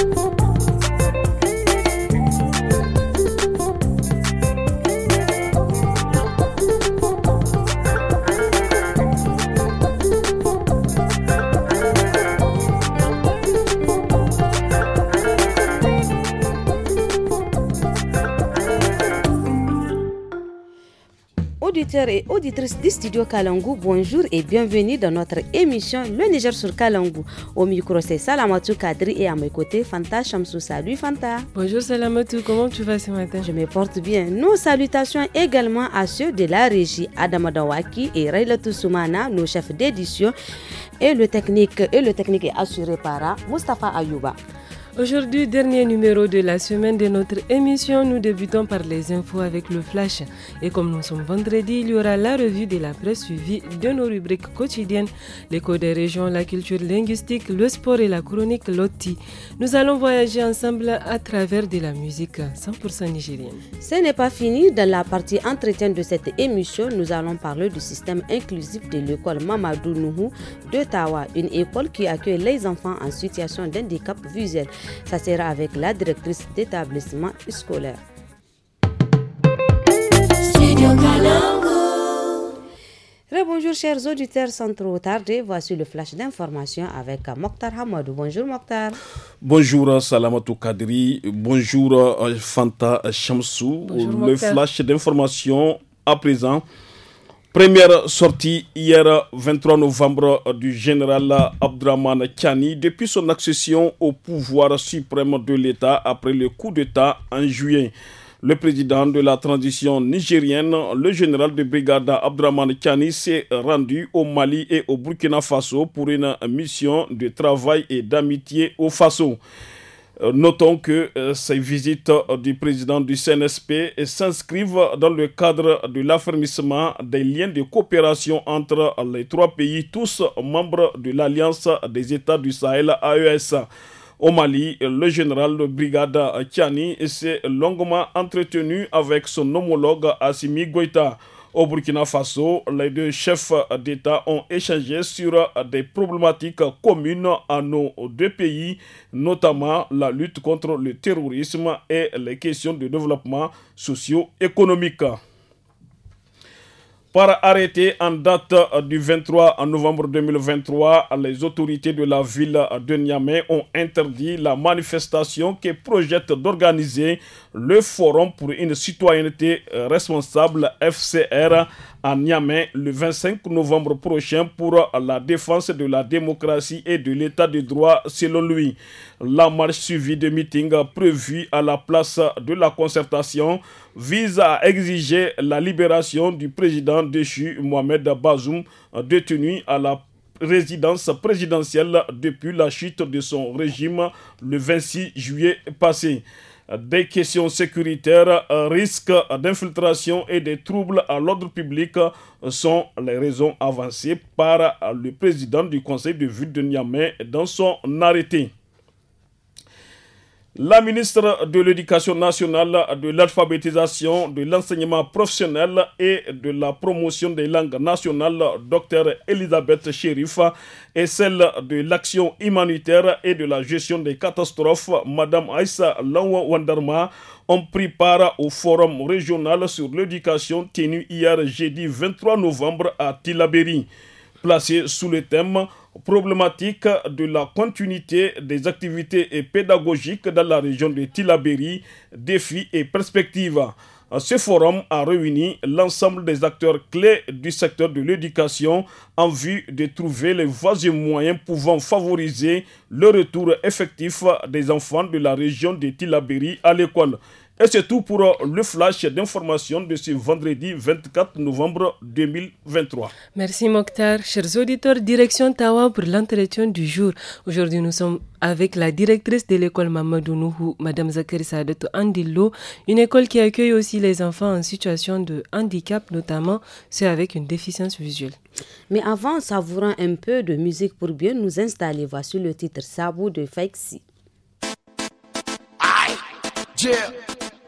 Thank you. auditeurs et auditrices du studio Kalangou, bonjour et bienvenue dans notre émission Le Niger sur Kalangou. Au micro, c'est Salamatou Kadri et à mes côtés, Fanta Chamsou. Salut Fanta. Bonjour Salamatou, comment tu vas ce matin Je me porte bien. Nos salutations également à ceux de la régie, Adam Adawaki et Raylatou Soumana, nos chefs d'édition. Et le technique, et le technique est assuré par Mustafa Ayouba. Aujourd'hui, dernier numéro de la semaine de notre émission, nous débutons par les infos avec le flash. Et comme nous sommes vendredi, il y aura la revue de la presse suivie de nos rubriques quotidiennes, l'écho des régions, la culture linguistique, le sport et la chronique Lotti. Nous allons voyager ensemble à travers de la musique 100% nigérienne. Ce n'est pas fini. Dans la partie entretien de cette émission, nous allons parler du système inclusif de l'école Mamadou Nuhu de Tawa, une école qui accueille les enfants en situation d'handicap visuel. Ça sera avec la directrice d'établissement scolaire. bonjour chers auditeurs, sans trop tarder, voici le flash d'information avec Mokhtar Hamadou. Bonjour Mokhtar. Bonjour Salamatou Kadri, bonjour euh, Fanta Shamsou. le flash d'information à présent. Première sortie hier 23 novembre du général Abdraman Tchani depuis son accession au pouvoir suprême de l'État après le coup d'État en juillet. Le président de la transition nigérienne, le général de brigade Abdraman Tchani, s'est rendu au Mali et au Burkina Faso pour une mission de travail et d'amitié au Faso. Euh, notons que euh, ces visites euh, du président du CNSP s'inscrivent dans le cadre de l'affermissement des liens de coopération entre les trois pays, tous membres de l'Alliance des États du Sahel AES. Au Mali, le général de brigade Tiani s'est longuement entretenu avec son homologue Assimi Goïta. Au Burkina Faso, les deux chefs d'État ont échangé sur des problématiques communes à nos deux pays, notamment la lutte contre le terrorisme et les questions de développement socio-économique. Par arrêté en date du 23 novembre 2023, les autorités de la ville de Niamey ont interdit la manifestation qui projette d'organiser le Forum pour une citoyenneté euh, responsable FCR à Niamey le 25 novembre prochain pour la défense de la démocratie et de l'état de droit selon lui. La marche suivie de meetings prévus à la place de la concertation vise à exiger la libération du président déchu Mohamed Bazoum détenu à la résidence présidentielle depuis la chute de son régime le 26 juillet passé des questions sécuritaires, risques d'infiltration et des troubles à l'ordre public sont les raisons avancées par le président du conseil de ville de Niamey dans son arrêté. La ministre de l'Éducation nationale, de l'alphabétisation, de l'enseignement professionnel et de la promotion des langues nationales, Dr Elisabeth Chérif, et celle de l'action humanitaire et de la gestion des catastrophes, Madame Aïssa Lawa wanderma ont pris part au forum régional sur l'éducation tenu hier jeudi 23 novembre à Tilaberi, placé sous le thème problématique de la continuité des activités pédagogiques dans la région de Tilaberi, défis et perspectives. Ce forum a réuni l'ensemble des acteurs clés du secteur de l'éducation en vue de trouver les voies et moyens pouvant favoriser le retour effectif des enfants de la région de Tilaberi à l'école. Et c'est tout pour euh, le flash d'information de ce vendredi 24 novembre 2023. Merci Mokhtar. Chers auditeurs, direction Tawa pour l'entretien du jour. Aujourd'hui, nous sommes avec la directrice de l'école Mamadou Nuhu, Madame Zakir Sadet Andilou. une école qui accueille aussi les enfants en situation de handicap, notamment ceux avec une déficience visuelle. Mais avant, savourant un peu de musique pour bien nous installer, voici le titre Sabou de Faixi.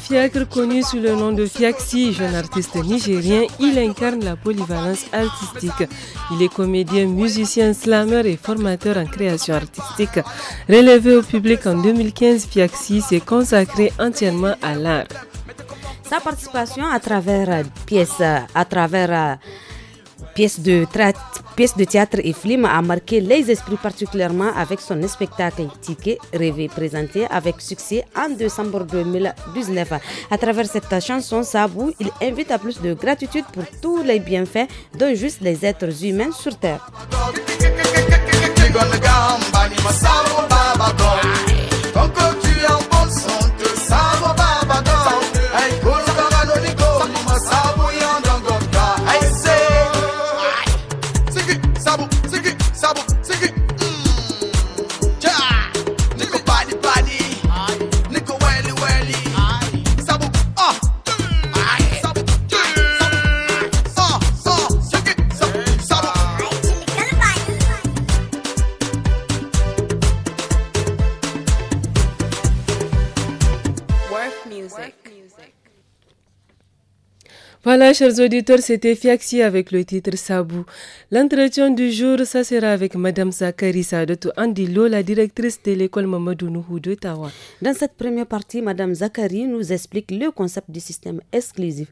Fiacre, connu sous le nom de Fiaxi, jeune artiste nigérien, il incarne la polyvalence artistique. Il est comédien, musicien, slammer et formateur en création artistique. Relevé au public en 2015, Fiaxi s'est consacré entièrement à l'art. Sa participation à travers euh, pièces, à travers euh, pièce de, pièce de théâtre et film a marqué les esprits particulièrement avec son spectacle Ticket Rêvé présenté avec succès en décembre 2019. À travers cette chanson, Sabou, il invite à plus de gratitude pour tous les bienfaits dont juste les êtres humains sur Terre. chers auditeurs, c'était Fiaxi avec le titre Sabou. L'entretien du jour, ça sera avec Madame Zakari Sadoto Andilo, la directrice de l'école Mamadou Nuhu de Tawa. Dans cette première partie, Madame Zakari nous explique le concept du système exclusif.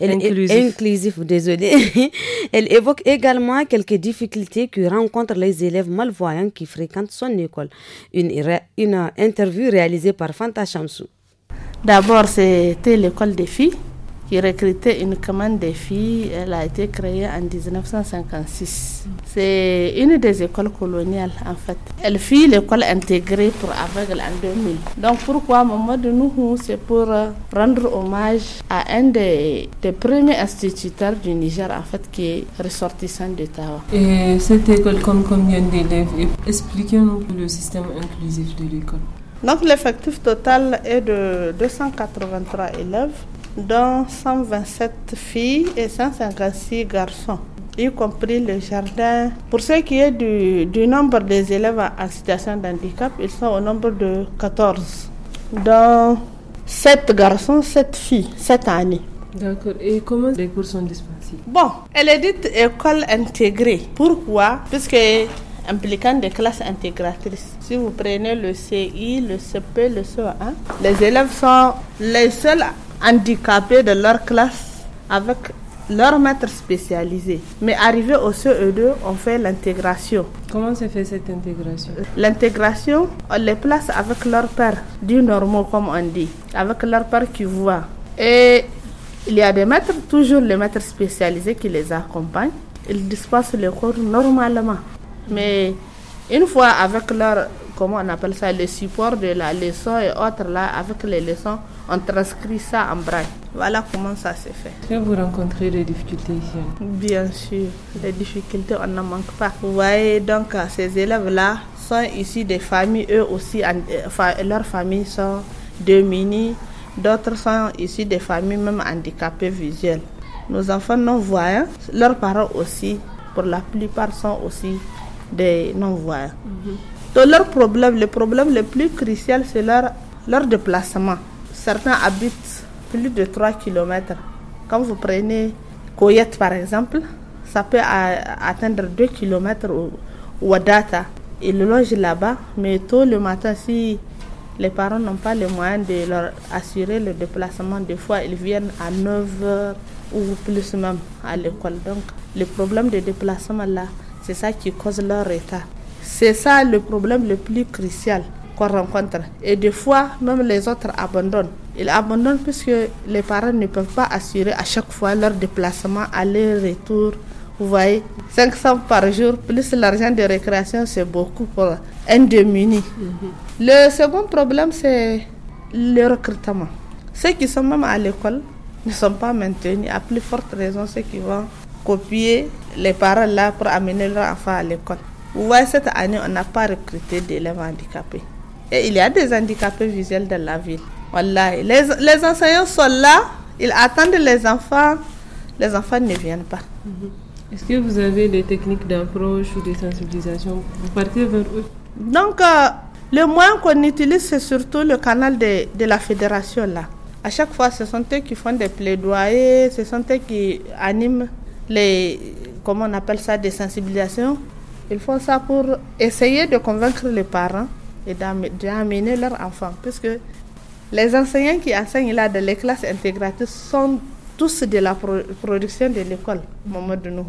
Elle inclusif. désolé. Elle évoque également quelques difficultés que rencontrent les élèves malvoyants qui fréquentent son école. Une, une interview réalisée par Fanta Chamsou. D'abord, c'était l'école des filles qui recrutait commande des filles. Elle a été créée en 1956. C'est une des écoles coloniales en fait. Elle fit l'école intégrée pour aveugles en 2000. Donc pourquoi de Nouhou C'est pour euh, rendre hommage à un des, des premiers instituteurs du Niger en fait qui est ressortissant d'État. Et cette école compte combien d'élèves Expliquez-nous le système inclusif de l'école. Donc l'effectif total est de 283 élèves dans 127 filles et 156 garçons y compris le jardin. Pour ce qui est du, du nombre des élèves en situation d'handicap, ils sont au nombre de 14, dont 7 garçons, 7 filles, cette année. D'accord. Et comment les cours sont dispensés Bon, elle est dite école intégrée. Pourquoi Puisque impliquant des classes intégratrices. Si vous prenez le CI, le CP, le CE1, les élèves sont les seuls handicapés de leur classe avec leur maître spécialisé. Mais arrivé au CE2, on fait l'intégration. Comment se fait cette intégration L'intégration, on les place avec leur père, du normaux comme on dit, avec leur père qui voit. Et il y a des maîtres, toujours les maîtres spécialisés qui les accompagnent. Ils dispensent les cours normalement. Mais une fois avec leur comment on appelle ça, le support de la leçon et autres, là, avec les leçons, on transcrit ça en braille. Voilà comment ça se fait. que vous rencontrez des difficultés ici hein? Bien sûr, les difficultés, on n'en manque pas. Vous voyez, donc, euh, ces élèves-là sont ici des familles, eux aussi, euh, leurs familles sont démunies. D'autres sont ici des familles même handicapées visuelles. Nos enfants non-voyants, leurs parents aussi, pour la plupart, sont aussi des non-voyants. Mhm problème, le problème le plus crucial, c'est leur, leur déplacement. Certains habitent plus de 3 km. Quand vous prenez Coyette, par exemple, ça peut atteindre 2 km ou, Adata. Ils logent là-bas, mais tôt le matin, si les parents n'ont pas les moyens de leur assurer le déplacement, des fois ils viennent à 9h ou plus même à l'école. Donc le problème de déplacement là, c'est ça qui cause leur état. C'est ça le problème le plus crucial qu'on rencontre. Et des fois, même les autres abandonnent. Ils abandonnent puisque les parents ne peuvent pas assurer à chaque fois leur déplacement, aller-retour. Vous voyez, 500 par jour, plus l'argent de récréation, c'est beaucoup pour un demi mhm. Le second problème, c'est le recrutement. Ceux qui sont même à l'école ne sont pas maintenus, à plus forte raison ceux qui vont copier les parents là pour amener leur enfants à l'école. Ouais, cette année, on n'a pas recruté d'élèves handicapés. Et il y a des handicapés visuels dans la ville. Voilà. Les, enseignants sont là, ils attendent les enfants, les enfants ne viennent pas. Mhm. Est-ce que vous avez des techniques d'approche ou de sensibilisation Vous partez vers eux Donc, euh, le moyen qu'on utilise, c'est surtout le canal de, de la fédération là. À chaque fois, ce sont eux qui font des plaidoyers, ce sont eux qui animent les, comment on appelle ça, des sensibilisations. Ils font ça pour essayer de convaincre les parents et d'amener leurs enfants, puisque les enseignants qui enseignent là dans les classes intégratrices sont tous de la production de l'école de nous.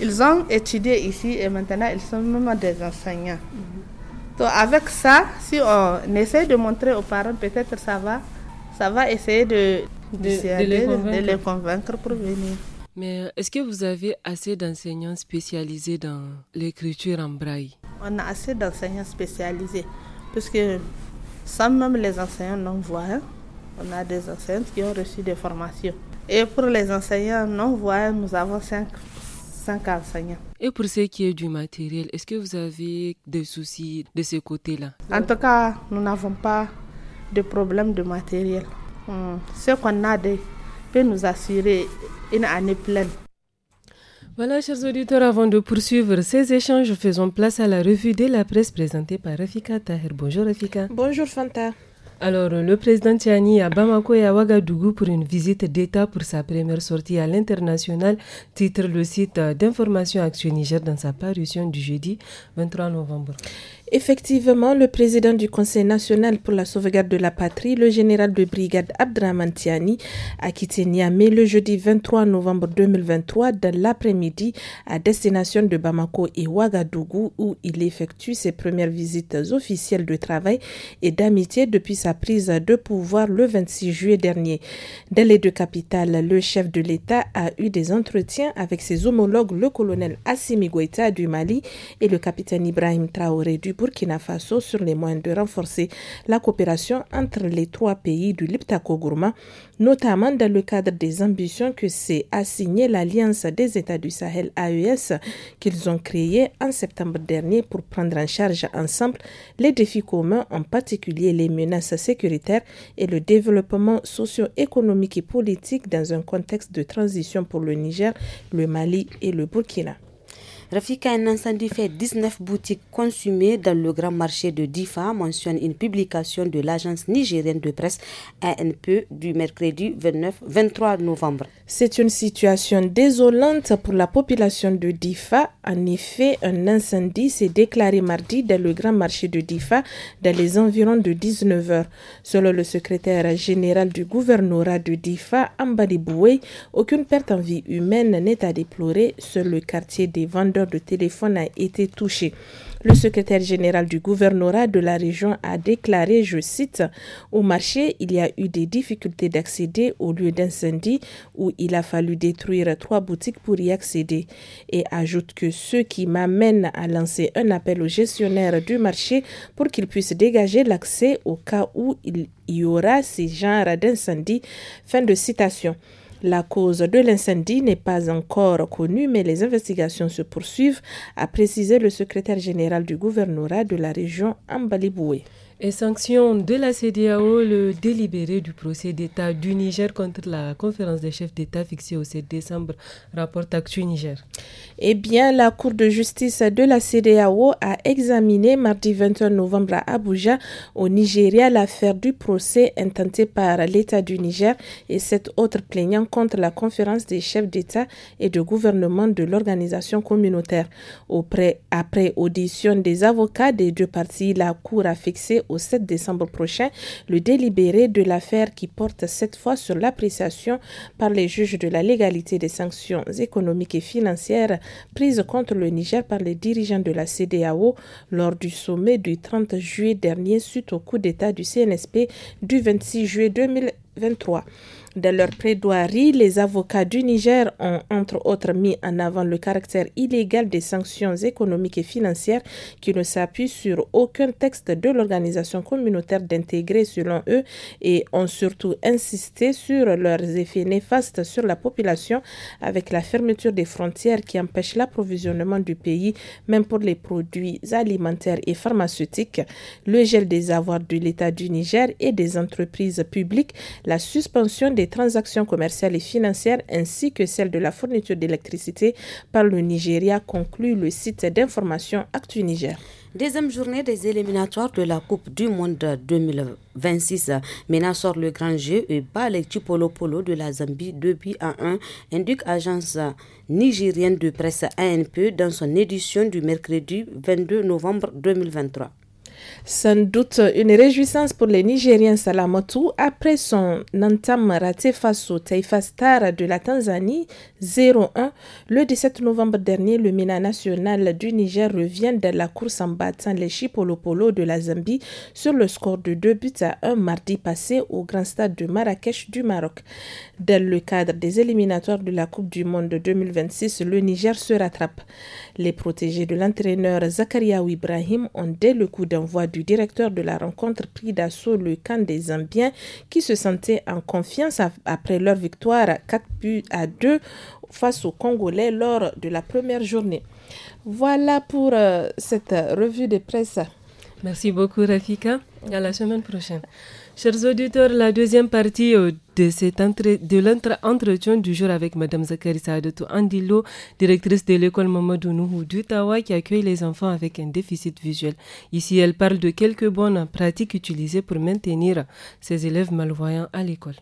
Ils ont étudié ici et maintenant ils sont même des enseignants. Mhm. Donc avec ça, si on essaie de montrer aux parents, peut-être ça va, ça va essayer de, les convaincre pour venir. Mais euh, est-ce que vous avez assez d'enseignants spécialisés dans l'écriture en braille On a assez d'enseignants spécialisés, puisque sans même les enseignants non-voyants, on a des enseignants qui ont reçu des formations. Et pour les enseignants non-voyants, nous avons cinq, enseignants. Et pour ce qui est du matériel, est-ce que vous avez des soucis de ce côté-là En tout cas, nous n'avons pas de problème de matériel. Hmm, ce qu'on a de, peut nous assurer une année pleine. Voilà, chers auditeurs, avant de poursuivre ces échanges, faisons place à la revue de la presse présentée par Rafika Tahir. Bonjour Rafika. Bonjour Fanta. Alors, le président Tiani à Bamako et à Ouagadougou pour une visite d'État pour sa première sortie à l'international, titre le site d'information Action Niger dans sa parution du jeudi 23 novembre. Effectivement, le président du Conseil national pour la sauvegarde de la patrie, le général de brigade Abdramantiani, a quitté Niamey le jeudi 23 novembre 2023 dans l'après-midi à destination de Bamako et Ouagadougou où il effectue ses premières visites officielles de travail et d'amitié depuis sa prise de pouvoir le 26 juillet dernier. Dans les deux capitales, le chef de l'État a eu des entretiens avec ses homologues, le colonel Assimi Goïta du Mali et le capitaine Ibrahim Traoré du Burkina Faso sur les moyens de renforcer la coopération entre les trois pays du Liptako-Gourma, notamment dans le cadre des ambitions que s'est assignée l'Alliance des États du Sahel AES qu'ils ont créée en septembre dernier pour prendre en charge ensemble les défis communs, en particulier les menaces sécuritaires et le développement socio-économique et politique dans un contexte de transition pour le Niger, le Mali et le Burkina. Rafika, un incendie fait 19 boutiques consumées dans le grand marché de Difa, mentionne une publication de l'agence nigérienne de presse ANP du mercredi 29, 23 novembre. C'est une situation désolante pour la population de Difa. En effet, un incendie s'est déclaré mardi dans le grand marché de Difa dans les environs de 19h. Selon le secrétaire général du gouvernorat de Difa, Boué, aucune perte en vie humaine n'est à déplorer sur le quartier des vendeurs de téléphone a été touché. Le secrétaire général du gouvernorat de la région a déclaré, je cite, Au marché, il y a eu des difficultés d'accéder au lieu d'incendie où il a fallu détruire trois boutiques pour y accéder. Et ajoute que ce qui m'amène à lancer un appel au gestionnaire du marché pour qu'il puisse dégager l'accès au cas où il y aura ces genres d'incendie. Fin de citation. La cause de l'incendie n'est pas encore connue, mais les investigations se poursuivent, a précisé le secrétaire général du gouvernorat de la région Ambaliboué. Et sanction de la CDAO, le délibéré du procès d'État du Niger contre la conférence des chefs d'État fixée au 7 décembre, rapporte Actu Niger. Eh bien, la Cour de justice de la CDAO a examiné mardi 21 novembre à Abuja, au Nigeria, l'affaire du procès intenté par l'État du Niger et sept autre plaignant contre la conférence des chefs d'État et de gouvernement de l'organisation communautaire. après audition des avocats des deux parties, la Cour a fixé au 7 décembre prochain le délibéré de l'affaire qui porte cette fois sur l'appréciation par les juges de la légalité des sanctions économiques et financières prises contre le Niger par les dirigeants de la CDAO lors du sommet du 30 juillet dernier suite au coup d'État du CNSP du 26 juillet 2023. Dans leur prédoirie, les avocats du Niger ont entre autres mis en avant le caractère illégal des sanctions économiques et financières qui ne s'appuient sur aucun texte de l'organisation communautaire d'intégrer selon eux et ont surtout insisté sur leurs effets néfastes sur la population avec la fermeture des frontières qui empêche l'approvisionnement du pays même pour les produits alimentaires et pharmaceutiques, le gel des avoirs de l'État du Niger et des entreprises publiques, la suspension des les transactions commerciales et financières ainsi que celles de la fourniture d'électricité par le Nigeria, conclut le site d'information Actu Niger. Deuxième journée des éliminatoires de la Coupe du Monde 2026. Mena le grand jeu et bat les Polo de la Zambie 2 buts à 1, indique agence nigérienne de presse ANP dans son édition du mercredi 22 novembre 2023. Sans doute une réjouissance pour les Nigériens Salamotou après son entame raté face au Taifa Star de la Tanzanie 0-1. Le 17 novembre dernier, le mina national du Niger revient de la course en battant les Chipolopolo de la Zambie sur le score de 2 buts à 1 mardi passé au grand stade de Marrakech du Maroc. Dans le cadre des éliminatoires de la Coupe du Monde 2026, le Niger se rattrape. Les protégés de l'entraîneur Zakaria Ibrahim ont dès le coup d'envoi du directeur de la rencontre pris d'assaut le camp des Zambiens qui se sentaient en confiance après leur victoire 4 buts à 2 face aux Congolais lors de la première journée. Voilà pour euh, cette revue de presse. Merci beaucoup Rafika. À la semaine prochaine. Chers auditeurs, la deuxième partie euh, de l'entretien du jour avec Madame Zakari Saadatou Andilo, directrice de l'école Mamadou Nuhu d'Ottawa, qui accueille les enfants avec un déficit visuel. Ici, elle parle de quelques bonnes pratiques utilisées pour maintenir ces élèves malvoyants à l'école.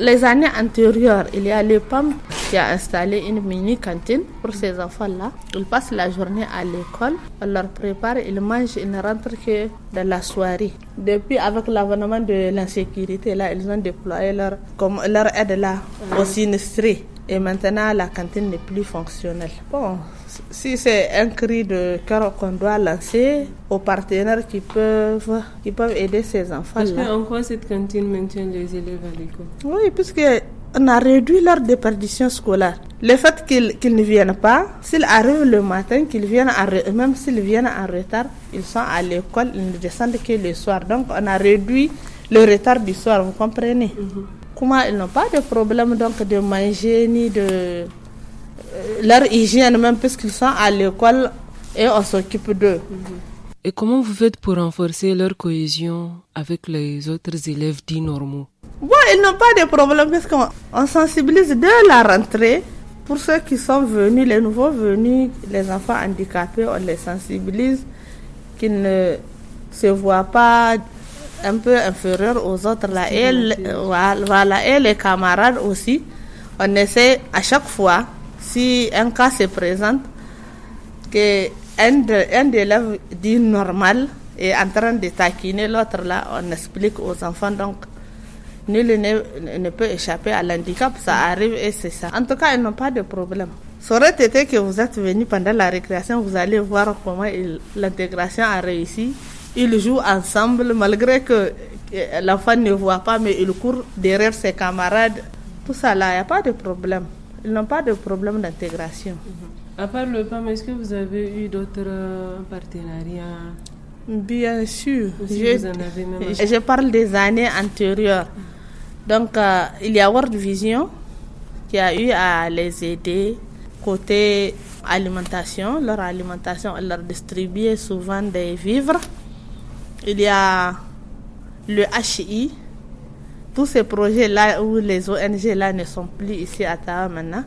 Les années antérieures, il y a l'EPAM qui a installé une mini-cantine pour ces enfants-là. Ils passent la journée à l'école, on leur prépare, ils mangent, ils ne rentrent que dans la soirée. Depuis, avec l'avènement de l'insécurité, là, ils ont déployé leur, comme leur aide là, aux Et maintenant, la cantine n'est plus fonctionnelle. Bon, si c'est un cri de cœur qu'on doit lancer aux partenaires qui peuvent, qui peuvent aider ces enfants. Parce qu'en quoi cette cantine maintient les élèves à l'école Oui, puisque on a réduit leur déperdition scolaire. Le fait qu'ils ne viennent pas, s'ils arrivent le matin, qu'ils viennent même s'ils viennent en retard, ils sont à l'école, ils ne descendent que le soir. Donc on a réduit le retard du soir, vous comprenez mhm. Comment ils n'ont pas de problème donc de manger ni de euh, leur hygiène même puisqu'ils sont à l'école et on s'occupe d'eux. Et comment vous faites pour renforcer leur cohésion avec les autres élèves dits normaux ils n'ont pas de problème parce qu'on sensibilise dès la rentrée. Pour ceux qui sont venus, les nouveaux venus, les enfants handicapés, on les sensibilise qu'ils ne se voient pas un peu inférieurs aux autres. Là. Et, euh, voilà, et les camarades aussi. On essaie à chaque fois si un cas se présente, qu'un un, élève dit normal est en train de taquiner l'autre là, on explique aux enfants donc nul ne, peut échapper à l'handicap, ça arrive et c'est ça. En tout cas, ils n'ont pas de problème. Ça aurait été que vous êtes venu pendant la récréation, vous allez voir comment l'intégration a réussi. Ils jouent ensemble malgré que l'enfant ne voit pas, mais il court derrière ses camarades. Tout ça là, il n'y a pas de problème ils n'ont pas de problème d'intégration. Mhm. À part le PAM, est-ce que vous avez eu d'autres euh, partenariats Bien sûr. je, parle des années antérieures. Donc, euh, il y a World Vision qui a eu à les aider côté alimentation, leur alimentation, leur distribuer souvent des vivres. Il y a le HI tous ces projets-là où les ONG-là ne sont plus ici à Tawa maintenant.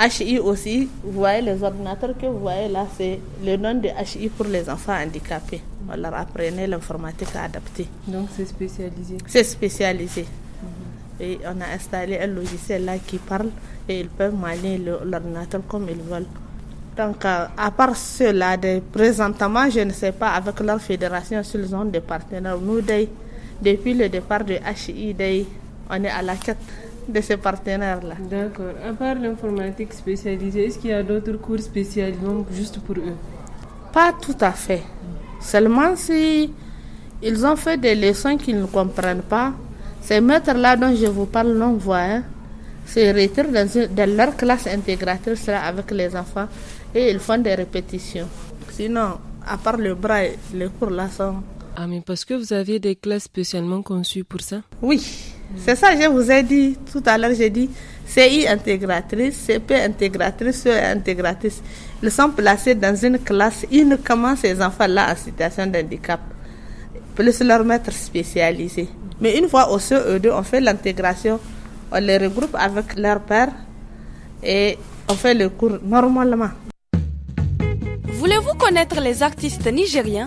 HI aussi, vous voyez les ordinateurs que vous voyez là, c'est le nom de HI pour les enfants handicapés. On leur apprenait l'informatique adaptée. Donc c'est spécialisé C'est spécialisé. Mhm. Et on a installé un logiciel là qui parle et ils peuvent manier l'ordinateur comme ils veulent. Donc euh, à part cela, présentement, je ne sais pas avec leur fédération s'ils ont des partenaires. Nous, depuis le départ de HI on est à la quête de ces partenaires-là. D'accord. À part l'informatique spécialisée, est-ce qu'il y a d'autres cours spécialisés juste pour eux Pas tout à fait. Seulement si ils ont fait des leçons qu'ils ne comprennent pas, ces maîtres-là dont je vous parle non voit hein, se retirent dans, leur classe intégratrice avec les enfants et ils font des répétitions. Sinon, à part le braille, les cours-là sont ah, mais parce que vous aviez des classes spécialement conçues pour ça Oui, c'est ça, je vous ai dit tout à l'heure, j'ai dit CI intégratrice, CP intégratrice, CE intégratrice. Ils sont placés dans une classe uniquement ces enfants-là en situation d'handicap, plus leur maître spécialisé. Mais une fois au CE2, on fait l'intégration, on les regroupe avec leur père et on fait le cours normalement. Voulez-vous connaître les artistes nigériens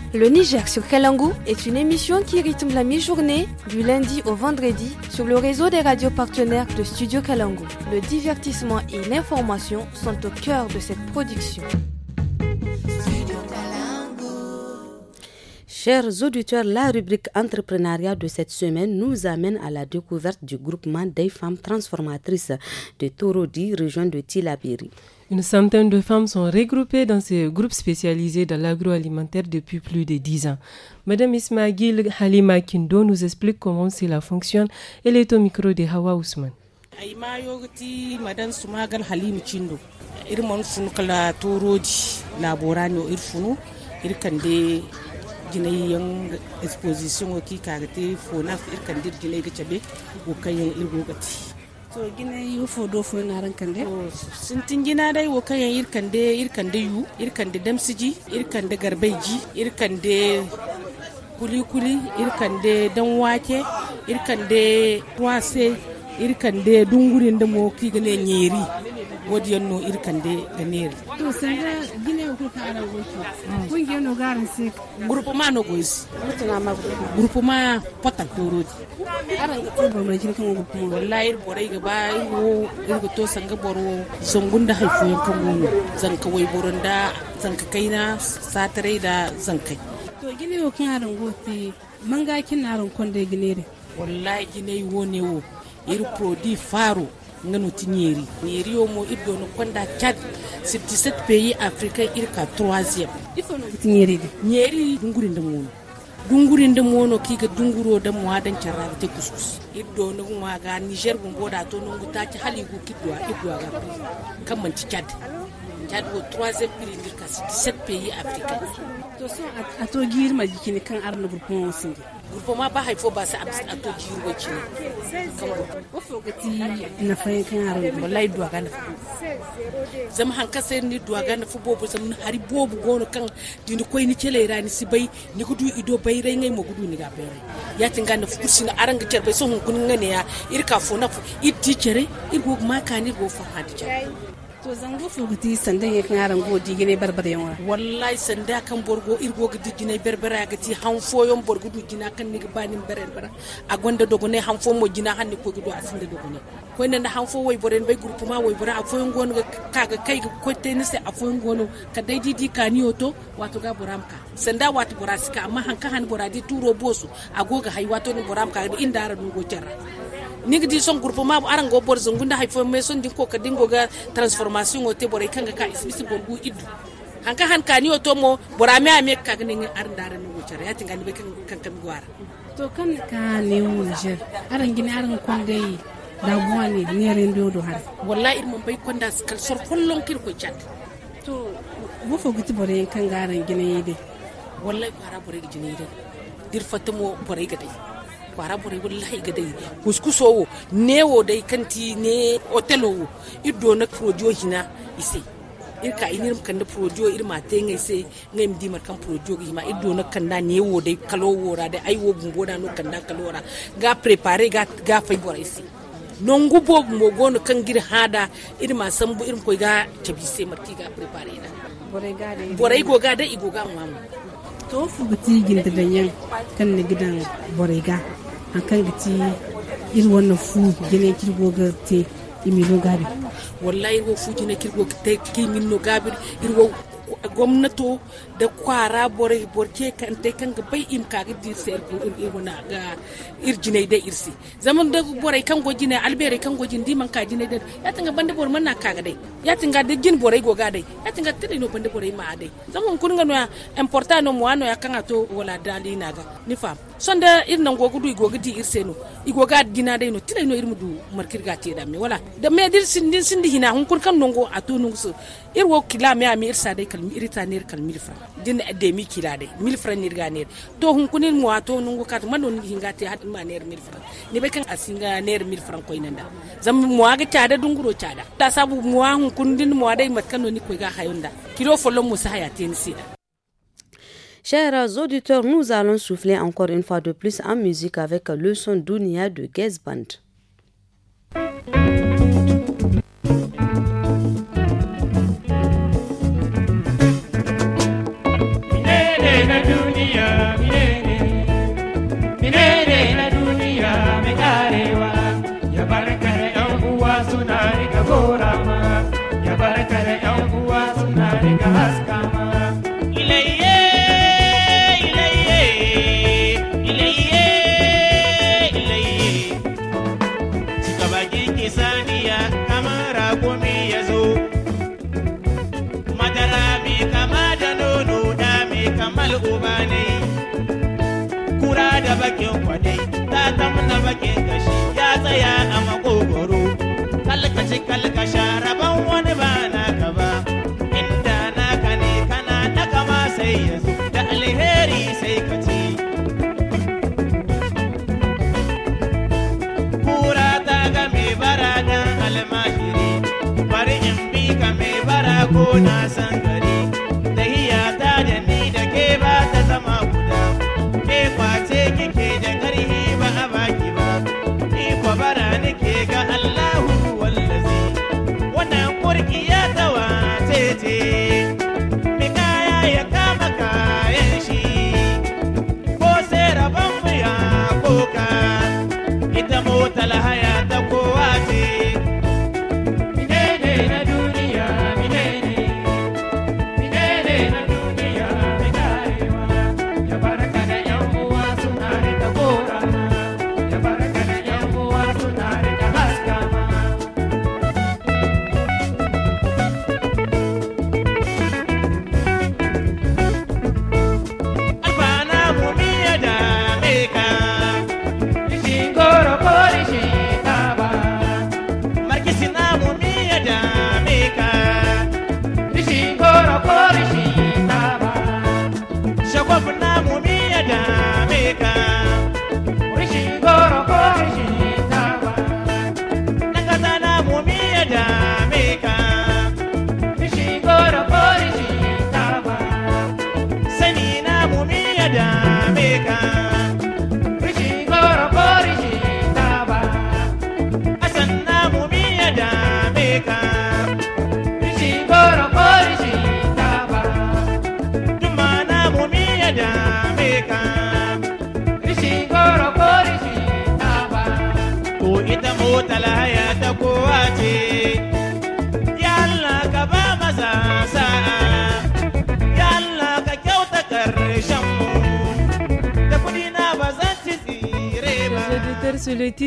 Le Niger sur Kalangu est une émission qui rythme la mi-journée du lundi au vendredi sur le réseau des radios partenaires de Studio Kalangu. Le divertissement et l'information sont au cœur de cette production. Chers auditeurs, la rubrique entrepreneuriat de cette semaine nous amène à la découverte du groupement des femmes transformatrices de Torodi, région de Tilabiri. Une centaine de femmes sont regroupées dans ces groupes spécialisés dans l'agroalimentaire depuis plus de dix ans. Madame Ismail Halima Kindo nous explique comment cela fonctionne. Elle est au micro de Hawa Ousmane. ayima yogiti madan sumagal magal halimu cindo ir man funu kala toroji laborani o ir funu ir kande jinai exposition o ki kagate fonaf ir kande jinai gacabe gogati to gina yi fo do fo na ran kande sintin gina dai wo kan yir kande yir kande yu yir kande damsiji yir kande garbeji yir kande kuli kuli yir kande dan wake yir kande wase yir kande dungurin da mo ki gane nyeri wodi yanno irkande da neri. to da gine ara kara Kun ge no garin se grupo ma no goisi mutuna ma grupo ma potan torodi Ara ga to bamra jin kan grupo wallahi borai ga ba wo irgo to sanga boro songunda haifu yankan zan zanka wai zan zanka kaina satare da zankai to gine ku kan ara gote manga kin aran konde gine re wallahi gine wo ne wo iri prodi faro ngano ti nyeri nyeri yo mo ido no konda chad 77 pays africain irka 3e ti nyeri di nyeri dunguri ndamono dunguri ndamono kiga dunguro da mo hadan charra te kuskus ibdo no mo ga niger bo boda to no nguta ci hali gu kidwa idwa ga kam man ti chad chad bo 3e pays irka 77 pays africain to so ato girma jikini kan arna bu singe zam hanka sene dwagana fo bobo zam hari bobo gono kan dini koyni celerani si bay niko du ido bay ray ngay mo gudu ni ga bay yati ngana fo kursi na aranga cer bay so hon kun ngane ya irka fo na fo itti cere eh? igog makani go fo hadi cer to zango fogti sanda kan ngaram go gine berbere yon wallahi sanda kan borgo irgo digine ga agati han yon borgo gina kan ni bani berbere agonda dogone han fo mo gina han ko gido dogo ne ko nan han fo way boren bay groupe ma way bora afoyon gon ka ga kai ko teni se afoyon gono ka dai didi ni oto wato ga boramka sanda wato sika amma han ka han boradi turo bosu agoga hay wato ni ka inda ara dogo jarra nigi di son groupe ma aran go bor zungunda hay fo me son din ko kadin go ga transformation o te bor kan ga ka isbisi bor gu iddu hanka han kani o to mo bora ame ka ga ningi aran dara ni go chara yatin be kan kan kan gwara to kan ka ne wuljer aran gini aran kon gai damuwa ne ne rendo do har wallahi irmon bai konda skal sor kollon kir ko chat to wo fo giti bore kan garan gine yide wallahi ko ara bore gine yide dir fatamo bore gi dai bara bore wallahi ga dai kuskuso wo ne wo dai kanti ne hotel wo ido na prodio hina ise in ka inir kan da projo ir ma te ngai se ngai mdi mar kan projo gi ma ido na kan da ne wo dai kalo wo ra dai ai wo bumbo da no kan da kalo ra ga prepare ga ga fai bora ise non gubo mo gono kan gir hada ir ma sambu ir ko ga tabi tabise marti ga prepare na ga dai borai go ga dai go ga mamu tofu gati ginda da yan kan na gidan borega an kan gati ir wannan fu gine kirgo ga te imilo gabi wallahi wo fu gine kirgo te ke minno gabi ir wo gwamnato da kwara bore borke kan te kan ga bai im kaga di ser bin im na ga irjine da irsi zaman da bore kan goji ne albere kan goji ndi man ka jinai da ya tinga bande bor man na kaga dai ya tinga da jin bore go ga dai ya tinga tiri no bande bore ma dai zaman kun ga no ya important no mo ano ya kan ato wala dali na ga ni fam da ir nan gudu go gudi irse no i ga dina dai no tiri no irmu du markir ga te da me wala da me dir sin din sin di hina hun kun kan nongo su ir wo kila me ami irsa dai kalmi irita ne kalmi fra din demi kilade mil fran nirganer to hun kunin mu ato nungu kat mando ni te hat maner mil fran ni be kan asinga ner mil fran ko inanda zam mo aga tada dunguro tada ta sabu mu hun kundin mu adai matkano ni ko ga hayonda kilo follo mu sahaya tensida Chers auditeurs, nous allons souffler encore une fois de plus en musique avec le son d'Ounia de Gaze Band. bakin kwade ta tamna bakin kashi ya tsaya a makogoro kalkaci kalkasha rabon wani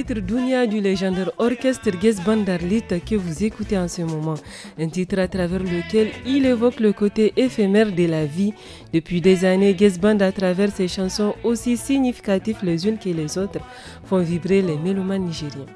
titre Dunia du légendaire orchestre Gez que vous écoutez en ce moment. Un titre à travers lequel il évoque le côté éphémère de la vie. Depuis des années, Gez Band, à travers ses chansons aussi significatives les unes que les autres, font vibrer les mélomanes nigériens.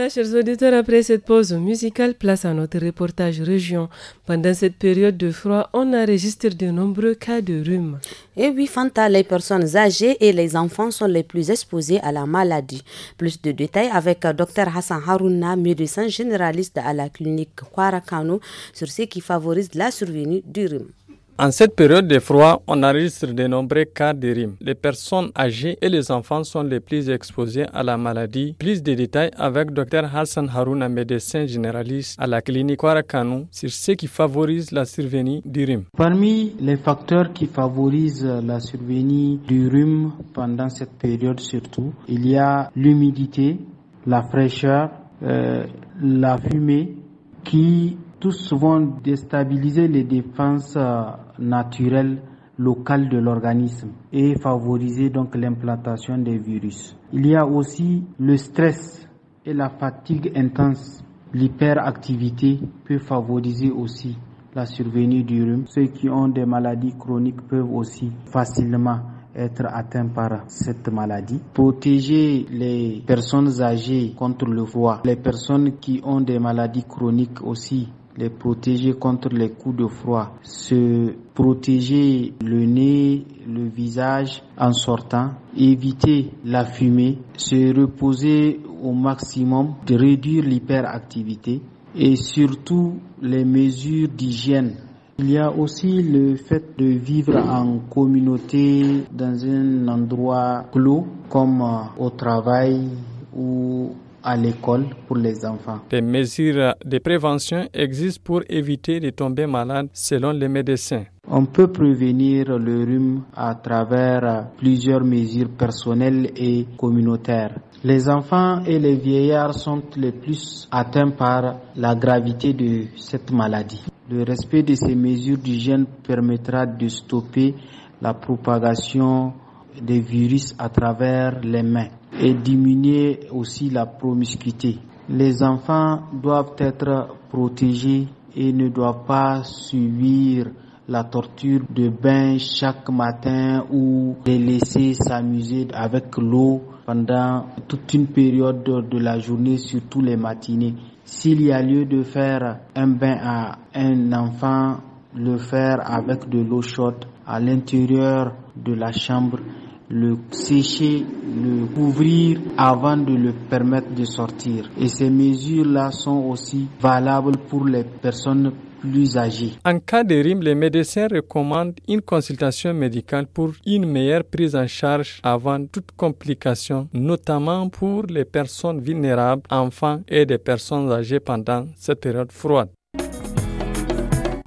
Voilà, chers auditeurs, après cette pause musicale, place à notre reportage région. Pendant cette période de froid, on a enregistre de nombreux cas de rhume. Et oui, Fanta, les personnes âgées et les enfants sont les plus exposés à la maladie. Plus de détails avec Dr Hassan Harouna, médecin généraliste à la clinique Kwarakano, sur ce qui favorise la survenue du rhume. En cette période de froid, on enregistre de nombreux cas de rhume. Les personnes âgées et les enfants sont les plus exposés à la maladie. Plus de détails avec Dr Hassan Harouna, médecin généraliste à la clinique Warakanou, sur ce qui favorise la survenue du rhume. Parmi les facteurs qui favorisent la survenue du rhume pendant cette période surtout, il y a l'humidité, la fraîcheur, euh, la fumée qui tous vont déstabiliser les défenses euh, naturelles locales de l'organisme et favoriser donc l'implantation des virus. Il y a aussi le stress et la fatigue intense. L'hyperactivité peut favoriser aussi la survenue du rhume. Ceux qui ont des maladies chroniques peuvent aussi facilement être atteints par cette maladie. Protéger les personnes âgées contre le voie. les personnes qui ont des maladies chroniques aussi les protéger contre les coups de froid, se protéger le nez, le visage en sortant, éviter la fumée, se reposer au maximum, de réduire l'hyperactivité et surtout les mesures d'hygiène il y a aussi le fait de vivre en communauté dans un endroit clos comme euh, au travail ou à l'école pour les enfants. Des mesures de prévention existent pour éviter de tomber malade selon les médecins. On peut prévenir le rhume à travers plusieurs mesures personnelles et communautaires. Les enfants et les vieillards sont les plus atteints par la gravité de cette maladie. Le respect de ces mesures d'hygiène permettra de stopper la propagation des virus à travers les mains et diminuer aussi la promiscuité. Les enfants doivent être protégés et ne doivent pas subir la torture de bain chaque matin ou les laisser s'amuser avec l'eau pendant toute une période de la journée, surtout les matinées. S'il y a lieu de faire un bain à un enfant, le faire avec de l'eau chaude à l'intérieur de la chambre le sécher, le couvrir avant de le permettre de sortir. Et ces mesures-là sont aussi valables pour les personnes plus âgées. En cas de rime, les médecins recommandent une consultation médicale pour une meilleure prise en charge avant toute complication, notamment pour les personnes vulnérables, enfants et des personnes âgées pendant cette période froide.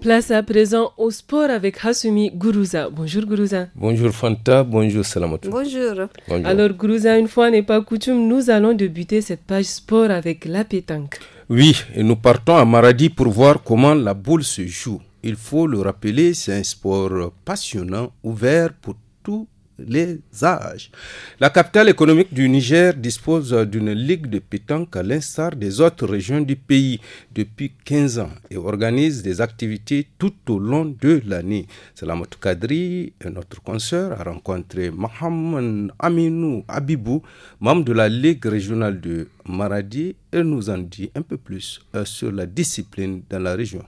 Place à présent au sport avec Hasumi Guruza. Bonjour Guruza. Bonjour Fanta, bonjour Salamatou. Bonjour. Alors Guruza, une fois n'est pas coutume, nous allons débuter cette page sport avec la pétanque. Oui, et nous partons à Maradi pour voir comment la boule se joue. Il faut le rappeler, c'est un sport passionnant, ouvert pour tout les âges. La capitale économique du Niger dispose d'une ligue de pétanque à l'instar des autres régions du pays depuis 15 ans et organise des activités tout au long de l'année. Salamot Kadri, notre consoeur, a rencontré Mohamed Aminou Abibou, membre de la ligue régionale de Maradi, et nous en dit un peu plus euh, sur la discipline dans la région.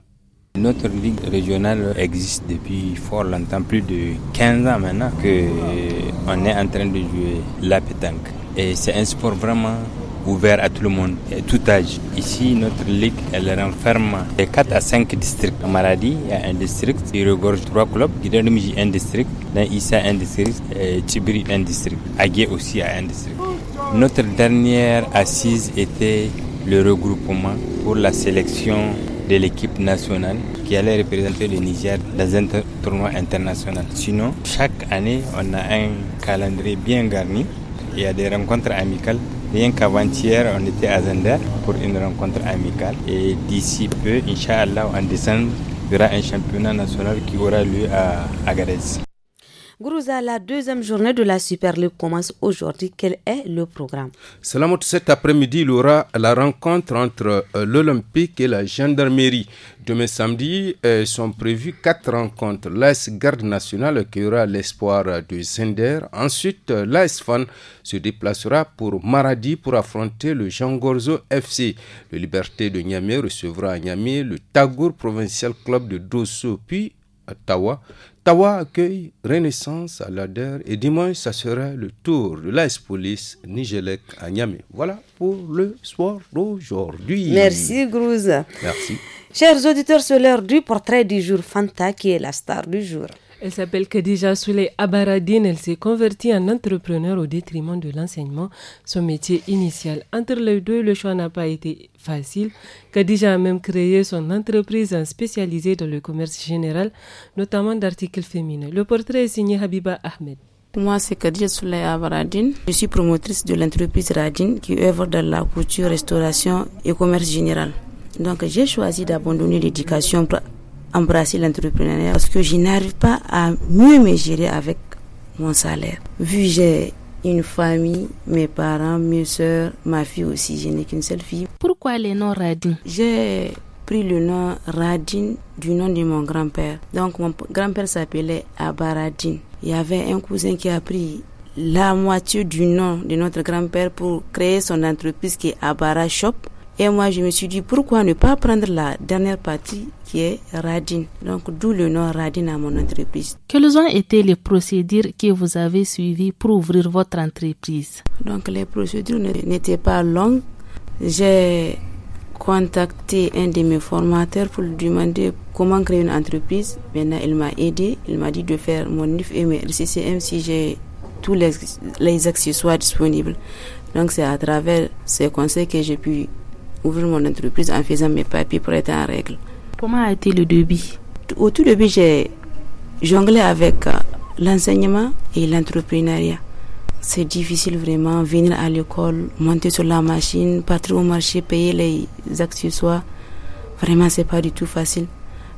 Notre ligue régionale existe depuis fort longtemps, plus de 15 ans maintenant que on est en train de jouer la pétanque. Et c'est un sport vraiment ouvert à tout le monde, à tout âge. Ici, notre ligue, elle renferme 4 à 5 districts. En Maradi, il y a un district, il regorge 3 clubs, un district, dans un district, un district, Agué aussi, a un district. Notre dernière assise était le regroupement pour la sélection de l'équipe nationale qui allait représenter le Niger dans un tournoi international. Sinon, chaque année, on a un calendrier bien garni. Il y a des rencontres amicales. Rien qu'avant-hier, on était à Zender pour une rencontre amicale. Et d'ici peu, Inch'Allah, en décembre, il y aura un championnat national qui aura lieu à Agadez. Gourouza, la deuxième journée de la Super League commence aujourd'hui. Quel est le programme Salamot, cet après-midi, il y aura la rencontre entre euh, l'Olympique et la gendarmerie. Demain samedi, euh, sont prévues quatre rencontres. L'AS Garde Nationale qui aura l'espoir de Zender. Ensuite, euh, l'AS Fan se déplacera pour Maradi pour affronter le Jean Gorzo FC. Le Liberté de Niamey recevra à Niamey le Tagour Provincial Club de Dosso, puis Ottawa. Tawa accueille Renaissance à l'ADER et dimanche, ça sera le tour de l'AS Police Nigelec à Niamey. Voilà pour le soir d'aujourd'hui. Merci, Grouze. Merci. Chers auditeurs, c'est l'heure du portrait du jour Fanta qui est la star du jour. Elle s'appelle Khadija Souley Abaradine. Elle s'est convertie en entrepreneur au détriment de l'enseignement, son métier initial. Entre les deux, le choix n'a pas été facile. Khadija a même créé son entreprise spécialisée dans le commerce général, notamment d'articles féminins. Le portrait est signé Habiba Ahmed. Moi, c'est Kadia Souley Abaradine. Je suis promotrice de l'entreprise Radine qui œuvre dans la couture, restauration et commerce général. Donc, j'ai choisi d'abandonner l'éducation pour embrasser l'entrepreneuriat parce que je n'arrive pas à mieux me gérer avec mon salaire. Vu j'ai une famille, mes parents, mes soeurs, ma fille aussi, je n'ai qu'une seule fille. Pourquoi les noms Radin J'ai pris le nom Radin du nom de mon grand-père. Donc mon grand-père s'appelait Abaradine. Il y avait un cousin qui a pris la moitié du nom de notre grand-père pour créer son entreprise qui est Abara Shop. Et moi, je me suis dit, pourquoi ne pas prendre la dernière partie qui est Radine Donc, d'où le nom Radine à mon entreprise. Quelles ont été les procédures que vous avez suivies pour ouvrir votre entreprise Donc, les procédures n'étaient pas longues. J'ai contacté un de mes formateurs pour lui demander comment créer une entreprise. Maintenant, il m'a aidé. Il m'a dit de faire mon if et mes RCCM si j'ai tous les, les accessoires disponibles. Donc, c'est à travers ces conseils que j'ai pu ouvrir mon entreprise en faisant mes papiers pour être en règle. Comment a été le début Au tout début, j'ai jonglé avec euh, l'enseignement et l'entrepreneuriat. C'est difficile vraiment venir à l'école, monter sur la machine, partir au marché, payer les accessoires. Vraiment, c'est pas du tout facile.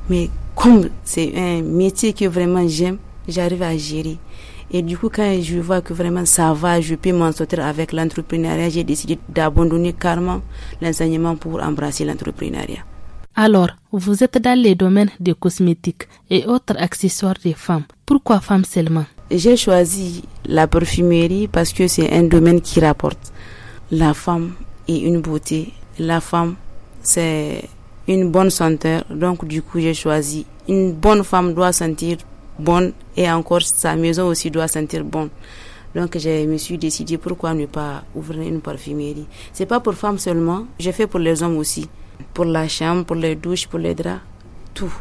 Mais comme c'est un métier que vraiment j'aime, j'arrive à gérer. Et du coup, quand je vois que vraiment ça va, je peux m'en sortir avec l'entrepreneuriat, j'ai décidé d'abandonner carrément l'enseignement pour embrasser l'entrepreneuriat. Alors, vous êtes dans les domaines des cosmétiques et autres accessoires des femmes. Pourquoi femmes seulement J'ai choisi la parfumerie parce que c'est un domaine qui rapporte. La femme est une beauté. La femme, c'est une bonne senteur. Donc, du coup, j'ai choisi. Une bonne femme doit sentir bonne et encore sa maison aussi doit sentir bonne. Donc je me suis décidé pourquoi ne pas ouvrir une parfumerie. C'est pas pour femmes seulement, je fais pour les hommes aussi, pour la chambre, pour les douches, pour les draps, tout.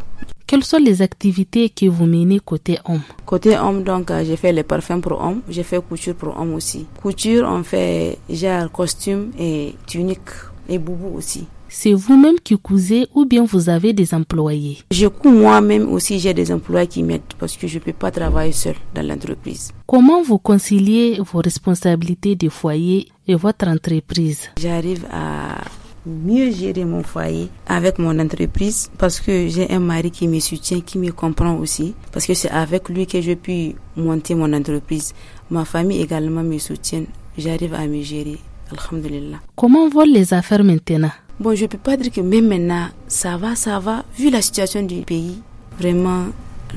Quelles sont les activités que vous menez côté homme Côté homme, donc, euh, j'ai fait les parfums pour hommes, j'ai fait couture pour hommes aussi. Couture, on fait genre costume et tunique et boubou aussi c'est vous-même qui cousez ou bien vous avez des employés Je couds moi-même aussi, j'ai des employés qui m'aident parce que je ne peux pas travailler seul dans l'entreprise. Comment vous conciliez vos responsabilités de foyer et votre entreprise J'arrive à mieux gérer mon foyer avec mon entreprise parce que j'ai un mari qui me soutient, qui me comprend aussi, parce que c'est avec lui que je puis monter mon entreprise. Ma famille également me soutient, j'arrive à me gérer. Alhamdulillah. Comment vont les affaires maintenant Bon, je ne peux pas dire que même maintenant, ça va, ça va. Vu la situation du pays, vraiment,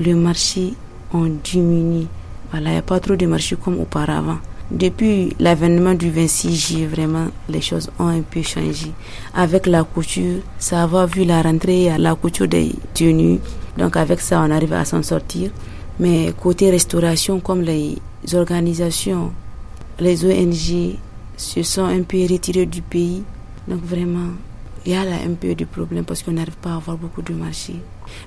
le marché ont diminué. Voilà, il n'y a pas trop de marché comme auparavant. Depuis l'avènement du 26 juillet, vraiment, les choses ont un peu changé. Avec la couture, ça va, vu la rentrée, la couture des tenues. Donc, avec ça, on arrive à s'en sortir. Mais côté restauration, comme les organisations, les ONG se sont un peu retirées du pays. Donc, vraiment, il y a là un peu de problème parce qu'on n'arrive pas à avoir beaucoup de marché.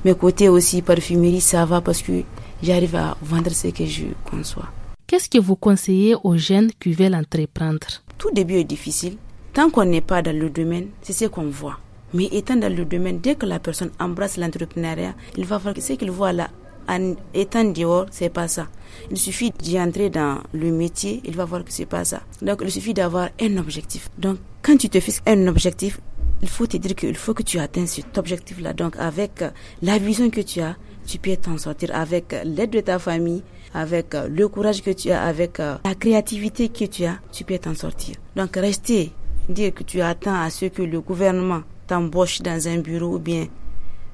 Mais côté aussi parfumerie, ça va parce que j'arrive à vendre ce que je conçois. Qu'est-ce que vous conseillez aux jeunes qui veulent entreprendre Tout début est difficile. Tant qu'on n'est pas dans le domaine, c'est ce qu'on voit. Mais étant dans le domaine, dès que la personne embrasse l'entrepreneuriat, il va voir que ce qu'il voit là, en étant dehors, c'est pas ça. Il suffit d'y entrer dans le métier, il va voir que c'est pas ça. Donc, il suffit d'avoir un objectif. Donc, quand tu te fixes un objectif, il faut te dire qu'il faut que tu atteignes cet objectif-là. Donc, avec euh, la vision que tu as, tu peux t'en sortir avec euh, l'aide de ta famille, avec euh, le courage que tu as, avec la créativité que tu as, tu peux t'en sortir. Donc, rester, dire que tu attends à ce que le gouvernement t'embauche dans un bureau ou bien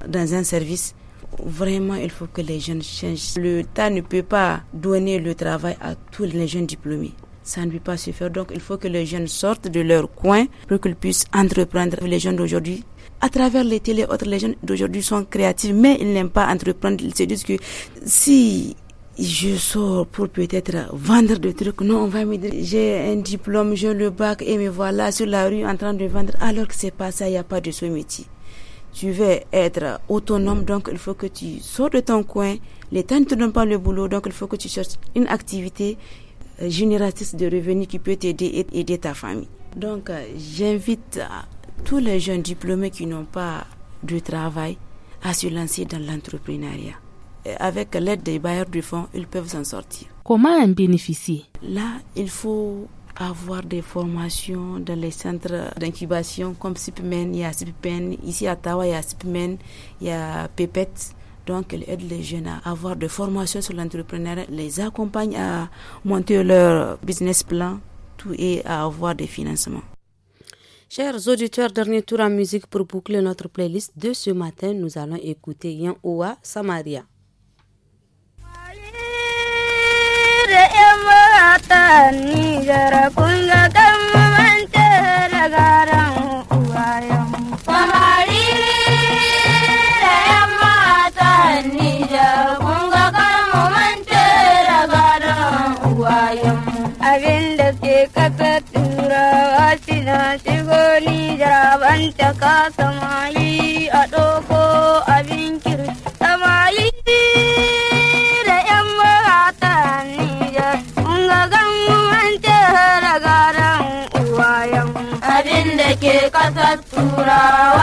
dans un service, vraiment, il faut que les jeunes changent. Le temps ne peut pas donner le travail à tous les jeunes diplômés ça ne peut pas se faire. Donc il faut que les jeunes sortent de leur coin pour qu'ils puissent entreprendre. Les jeunes d'aujourd'hui, à travers les télé autres, les jeunes d'aujourd'hui sont créatifs, mais ils n'aiment pas entreprendre. Ils se disent que si je sors pour peut-être vendre des trucs. Non, on va me dire, j'ai un diplôme, j'ai le bac et me voilà sur la rue en train de vendre. Alors que c'est pas ça, il n'y a pas de ce métier. Tu veux être autonome, donc il faut que tu sors de ton coin. L'État ne te donne pas le boulot, donc il faut que tu cherches une activité euh, génératrice de revenus qui peut t'aider et aider ta famille. Donc, euh, j'invite euh, tous les jeunes diplômés qui n'ont pas de travail à se lancer dans l'entrepreneuriat. Avec l'aide des bailleurs de fonds, ils peuvent s'en sortir. Comment en bénéficier Là, il faut avoir des formations dans les centres d'incubation comme SIPMEN, il y a Sipmen ici à Tawa, il y a SIPMEN, il y a PEPET. Donc, elle aide les jeunes à avoir des formations sur l'entrepreneuriat, les accompagne à monter leur business plan, tout et à avoir des financements. Chers auditeurs, dernier tour en musique pour boucler notre playlist de ce matin. Nous allons écouter Yan Oa Samaria. da ka samari a ɗoko abin kiri samayi da yan marata nijar mun ga gan mun tara garan uwayen abin da ke ƙasar turawa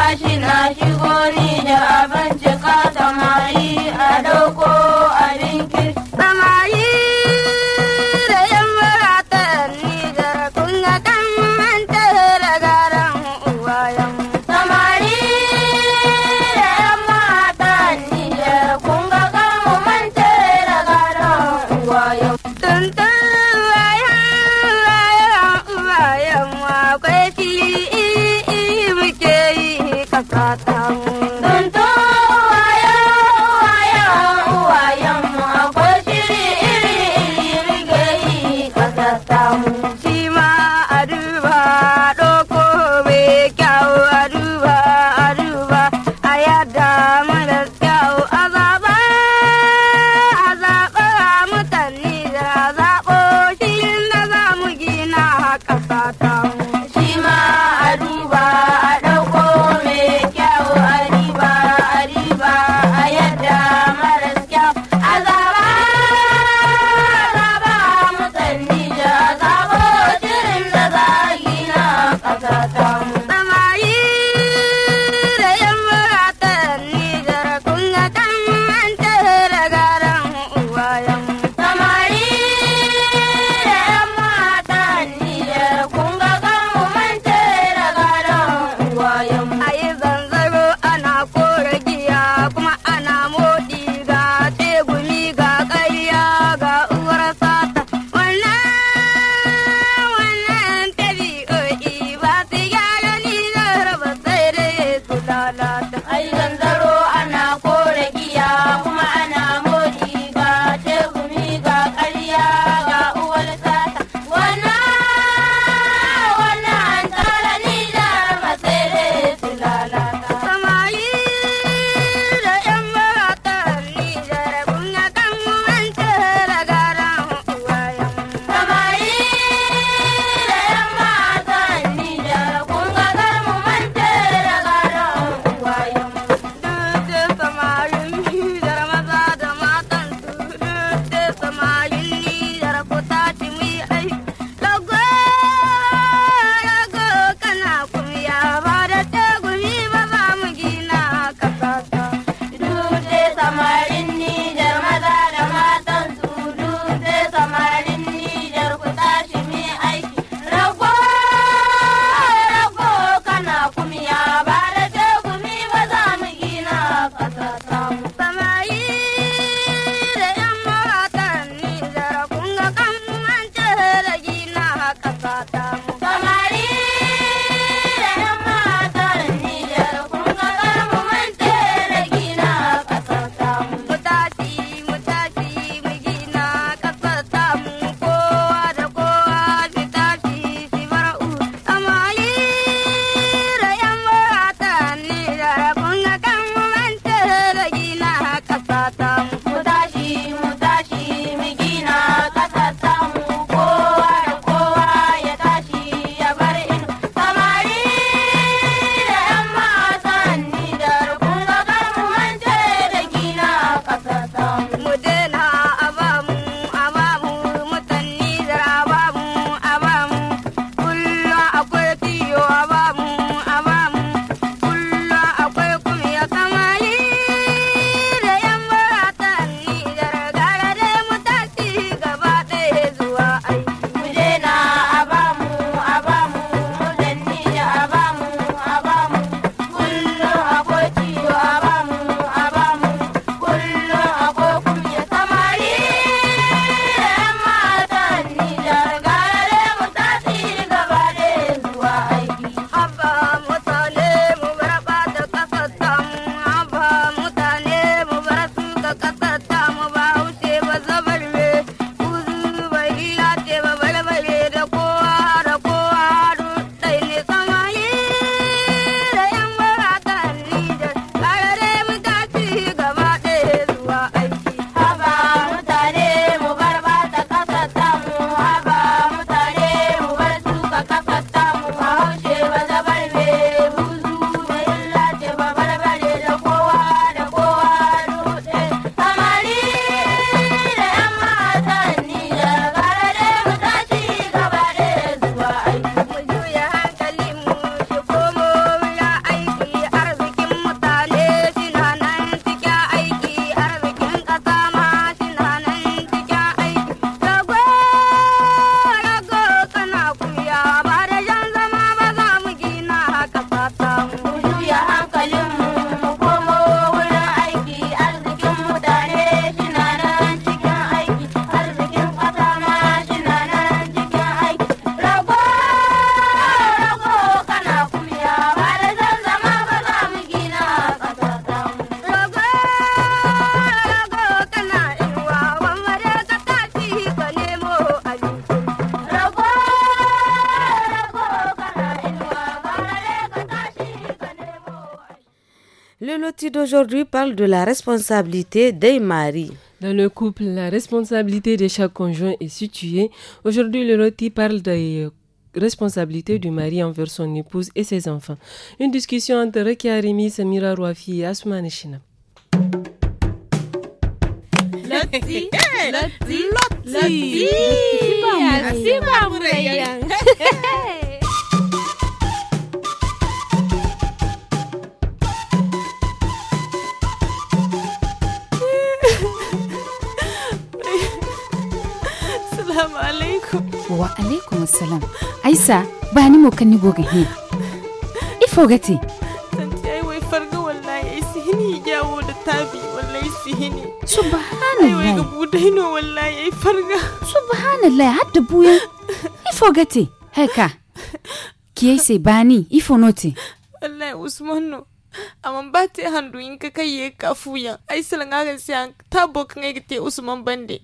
aujourd'hui parle de la responsabilité des maris. Dans le couple, la responsabilité de chaque conjoint est située. Aujourd'hui, le rôti parle des euh, responsabilité du mari envers son épouse et ses enfants. Une discussion entre Rekia Arimi, Samira Rouafi et Asma Nishina. wa alaikum assalam aisa ba ni mo kan ni goga he ifo gati tanti ai wai farga wallahi ai sihini yawo da tabi wallahi sihini subhanallah ai wai gabu no wallahi ai farga subhanallah hadda buya ifo gati heka kiyai sai bani ifo note wallahi usmanu amma ba ta yi hannu in ka kai ya kafu yan ai salan agan sai tabo kan ai te usman bande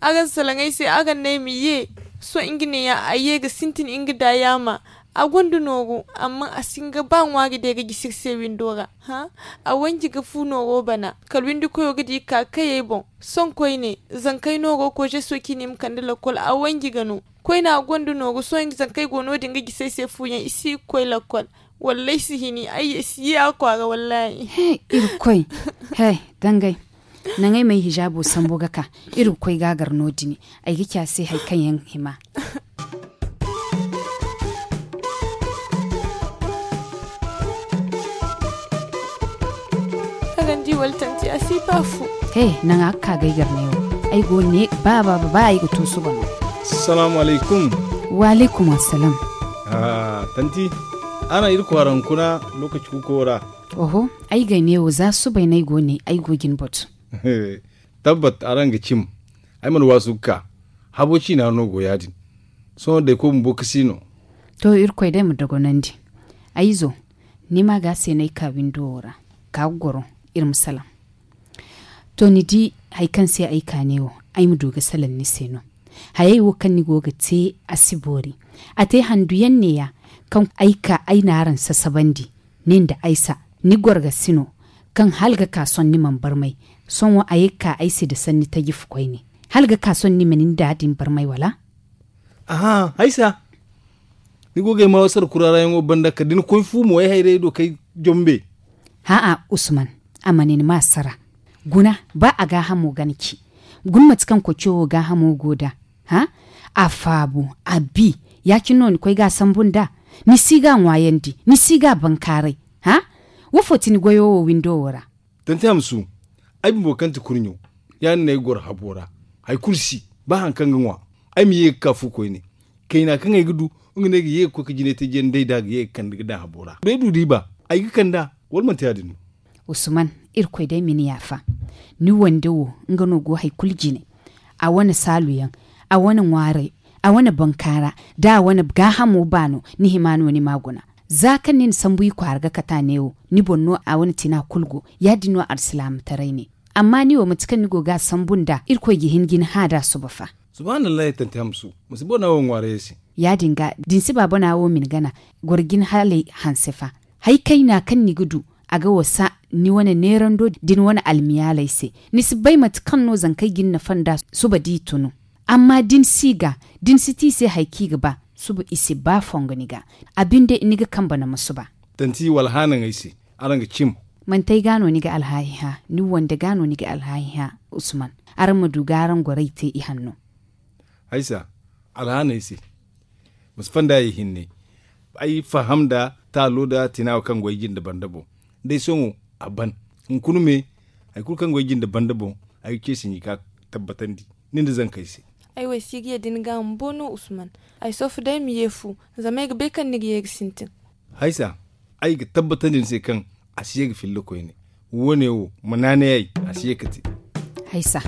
agan salan ai sai agan ne mi ye so ingine ya ayega sintin ingida yama a gwanda noro amma a singa ban wari da gagi sirse windora ha a wanji ga fu noro bana windi koyo gidi ka kaye bon son koi ne zan kai noro ko je soki ne mkandala kol a wanji gano koi na gwanda noro so ingi zan kai gono dinga gisai sai fu yan isi koi la kol wallahi sihini ai isi ya kwara wallahi hey ir hey dangai na ngai mai hijabu boga ka iri koi gagar a yi kya sai haikan yan hima kagan ji waltanti a si ba fu hey nan akka gaigar ne ai go ne ba ba ba ai go tusu ba assalamu alaikum wa alaikum assalam ah tanti ana iri kwaran kuna lokaci ku oho ai ga ne za su bai nai go ne ai gogin botu bot tabbat ranga cim aiman wasu ka haboci na no go yadin so da ko mbo kasino to irkoi dai mu dago nan di aizo ni ma ga sai nai ka windora ka goro irin musalam to ni di kan sai aika ne newo ai mu doga salan ni seno hayai wo kan ni goga ce asibori ate handu yanne ya kan aika na ran sasabandi nin da aisa ni gorga sino kan halga kason ni man barmai son wa ayika aisi da sanni ta gifu kwai ne halga ka son ni menin da hadin bar mai wala aha haisa ni goge ma wasar kurara yan obban da kadin kun fu mu wai haire do kai jombe ha usman amanin masara guna ba a ga hamo ganki gun matkan ko ciwo ga hamo goda ha a fabu a bi ya kino ni kai ga sambun da ni siga wayan di ni siga bankarai ha wofo tin goyo windo wora tantam musu. ai bo kan kurnyo ya na gor habora ai kursi ba han kan gwa ai mi ka fu ko ne kai na kan ai gudu ne ye ko ka jine te jen dai da ye kan da habora be du riba ai ga kan da wal man ta yadin usman irkoi dai mini yafa ni wanda wo no go hai kuljine a wani saluyan a wani ware a wani bankara da wani gahamu bano ni himano ni maguna zaka nin sambu yi kwarga kata newo ni bonno a wani tina kulgo ya dino arsilam tare ne amma ni wa mutukan ni goga san bunda. irko gihin gihingin hada su bafa subhanallah ta hamsu musibo na won ware shi. ya dinga din si baba na wo min gana gorgin hale hansefa hai kai na kan ni gudu a ga wasa ni wani neran do din wani almiya laise ni si bai matukan no zankai gin na fanda su ba tunu amma din siga din ti sai haiki gaba su ba isi ba fonga niga abinda ga kan bana musu ba tanti walhanan aisi aranga cim man tai gano ni ga alhaiha ni wanda gano ni ga alhaiha usman ar ma dugaran gwarai te i hannu haisa alhana isi musfan da yihin ne ai faham da ta loda tina kan gwaijin da bandabo dai son aban in kunu me ai kul kan gwaijin da bandabo ai kesin ka tabbatan di nin da zan kai sai aiwa din dinga mbono usman ai sofu dai mi yefu zama ga bekan ni ga sintin haisa ai ga tabbatar din sai kan a asiyeg koyi ne wone wo muna mananeyay a haysa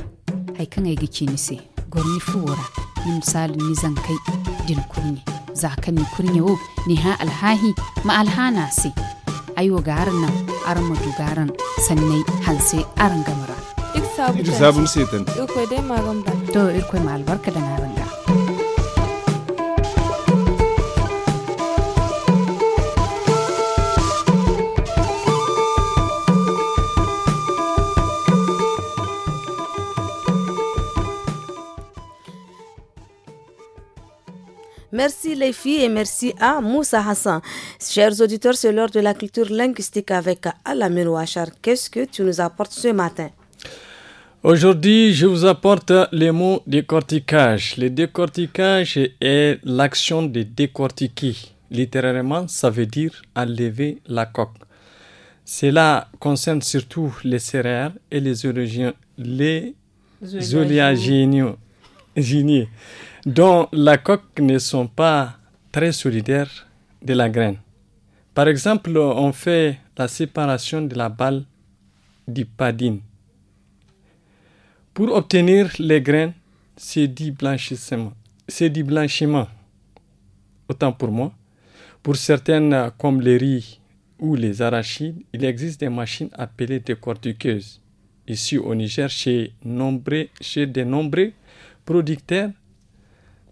hay kaŋ ay ga ciinise gor ni fu wora ni misali ni kai din kurnye za ka ni wo ni ha alhahi ma alhana se aiwo garan nan armadu garan sannai sai aran gamara duk sabu ik sabu setan dai magan ba to ma albarka da na Merci les filles et merci à Moussa Hassan. Chers auditeurs, c'est l'heure de la culture linguistique avec Alamir Ouachar. Qu'est-ce que tu nous apportes ce matin Aujourd'hui, je vous apporte les mots décortiquage. Le décortiquage est l'action de décortiquer. Littéralement, ça veut dire enlever la coque. Cela concerne surtout les céréales et les, les oléagineux dont la coque ne sont pas très solidaires de la graine. Par exemple, on fait la séparation de la balle du padine. Pour obtenir les graines, c'est dit blanchissement. C'est blanchiment. Autant pour moi. Pour certaines, comme les riz ou les arachides, il existe des machines appelées décortiqueuses. Ici au Niger, chez, nombre, chez de nombreux producteurs,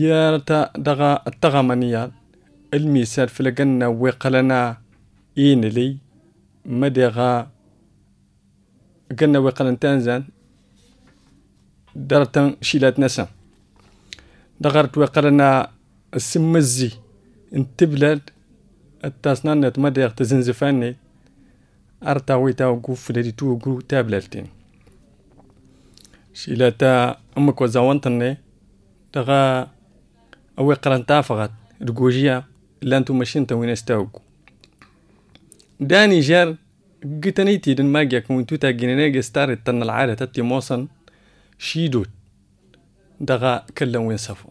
يارتا دغا التغمانيا الميسار فلقنا ويقلنا إين لي مدغا قلنا ويقلن تنزان درتا شيلات نسا دغرت ويقلنا السمزي انتبلد التاسنانت مدغ تزنزفاني أرتا ويتا وقوف لدي تو تابلتين شيلاتا أمك وزاونتني دغا او قرنتا تافغت رجوجيا لا انتو ماشين وين استاوكو داني جار قتنيتي دن ماجيا كون توتا جنينيجي ستارت تن العادة تتي موصن شيدوت دغا كلا وين سفو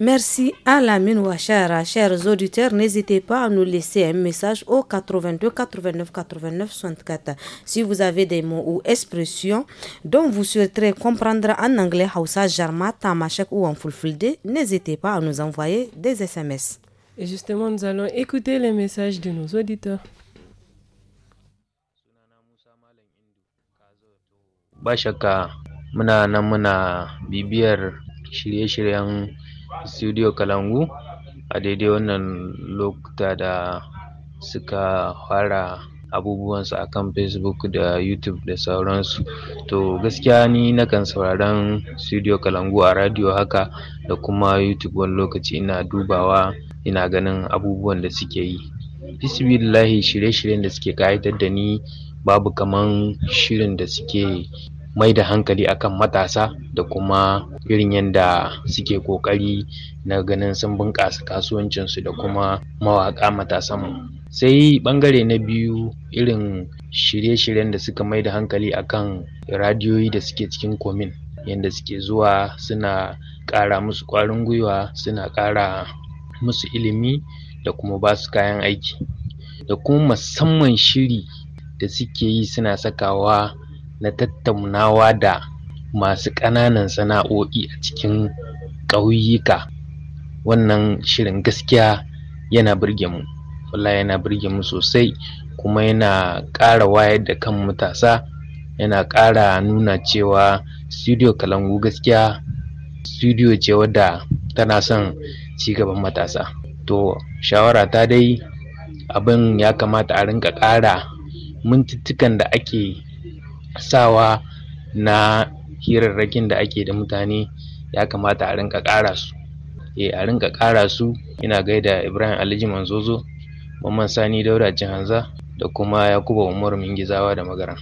Merci à la wa chers auditeurs. N'hésitez pas à nous laisser un message au 82 89 89 64 si vous avez des mots ou expressions dont vous souhaiterez comprendre en anglais, Hausa, Jarma, Tamashek ou en Fulfulde. N'hésitez pas à nous envoyer des SMS. Et justement, nous allons écouter les messages de nos auditeurs. Bashaka, studio kalangu a daidai wannan lokuta da suka fara abubuwansu a kan facebook da youtube da sauransu to gaskiya ni na kan sauraron studio kalangu a radio haka da kuma youtube wani lokaci ina dubawa ina ganin abubuwan da suke yi bismillahi shirye-shiryen da suke kayatar da ni babu kaman shirin da suke mai da hankali akan matasa da kuma irin yadda suke kokari na ganin sun bunƙasa kasuwancinsu da kuma mawaƙa matasanmu sai ɓangare na biyu irin shirye-shiryen da suka mai da hankali akan radiyoyi da suke cikin komin yadda suke zuwa suna ƙara musu ƙwarin gwiwa suna ƙara musu ilimi da kuma ba su kayan aiki da kuma musamman shiri da suke yi suna sakawa na tattaunawa da masu ƙananan sana'o'i a cikin ƙauyuka wannan shirin gaskiya yana birge mu wallahi yana burge mu sosai kuma yana ƙara wayar da kan matasa yana ƙara nuna cewa studio kalangu gaskiya studio ce wadda tana son cigaban matasa to shawara ta dai abin ya kamata a rinka ƙara mintuttukan da ake sawa na hirarrakin da ake da mutane ya kamata a rinka ƙara su e a rinka ƙara su ina gaida ibrahim alhaji manzozo mamman sani daura hanza da kuma yakuba umaru mingizawa da magaran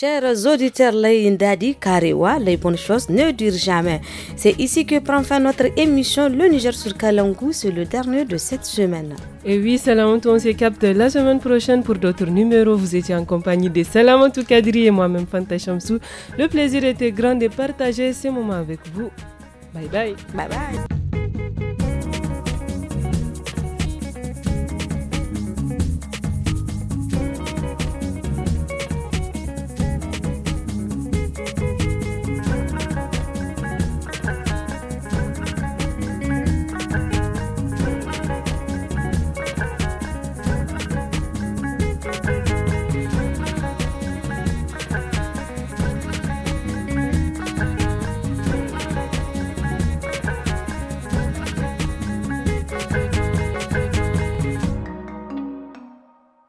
Chers auditeurs, Ndadi Karewa, les bonnes choses ne durent jamais. C'est ici que prend fin notre émission Le Niger sur Kalangu, c'est le dernier de cette semaine. Et oui, Salamantou, on se capte la semaine prochaine pour d'autres numéros. Vous étiez en compagnie de Salamantou Kadri et moi-même Fanta Chamsou. Le plaisir était grand de partager ces moments avec vous. Bye bye. Bye bye.